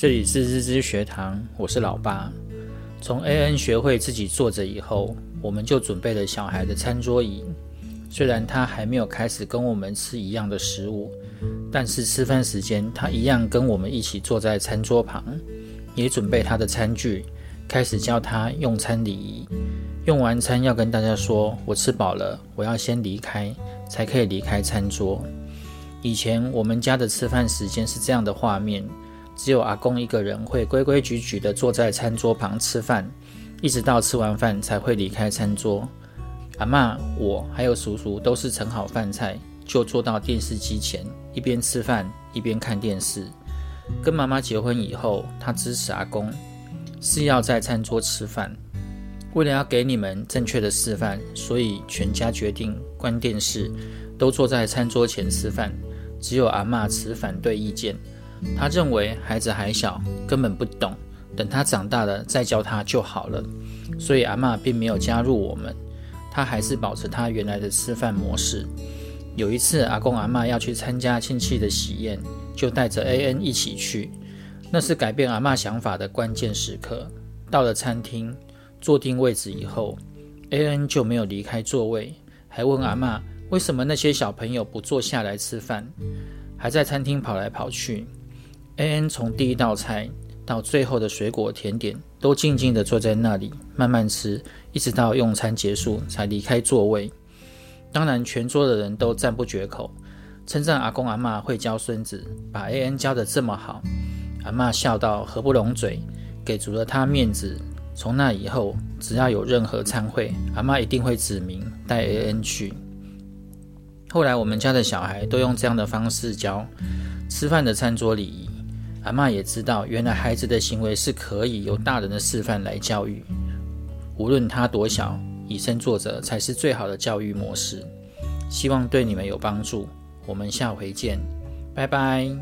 這裡是日知學堂，我是老爸。從 AN 學會自己坐着以後，我們就準備了小孩的餐桌椅。雖然他還沒有開始跟我們吃一樣的食物，但是吃飯時間他一樣跟我們一起坐在餐桌旁，也準備他的餐具，開始教他用餐禮儀。用完餐要跟大家說：“我吃飽了，我要先離開，才可以離開餐桌。”以前我們家的吃飯時間是這樣的畫面。只有阿公一個人會規規矩矩地坐在餐桌旁吃飯，一直到吃完飯才會離開餐桌。阿媽、我還有叔叔都是盛好飯菜就坐到電視機前，一邊吃飯一邊看電視。跟媽媽結婚以後，她支持阿公是要在餐桌吃飯。為了要給你們正確的示範，所以全家決定關電視，都坐在餐桌前吃飯。只有阿媽持反對意見。他認為孩子還小，根本不懂，等他長大了再教他就好了。所以阿媽並沒有加入我們，他還是保持他原來的吃飯模式。有一次，阿公阿媽要去參加親戚的喜宴，就帶着 A N 一起去。那是改變阿媽想法的關鍵時刻。到了餐廳，坐定位置以後，A N 就沒有離開座位，還問阿媽為什麼那些小朋友不坐下來吃飯，還在餐廳跑來跑去。A N 從第一道菜到最後的水果甜點，都靜靜的坐在那裡慢慢吃，一直到用餐結束才離開座位。當然，全桌的人都讚不絕口，稱讚阿公阿媽會教孫子，把 A N 教得這麼好。阿媽笑到合不攏嘴，給足了他面子。從那以後，只要有任何餐會，阿媽一定會指名帶 A N 去。後來，我們家的小孩都用這樣的方式教吃飯的餐桌禮儀。阿媽也知道，原來孩子的行為是可以由大人的示範來教育，無論他多小，以身作則才是最好的教育模式。希望對你們有幫助，我們下回見，拜拜。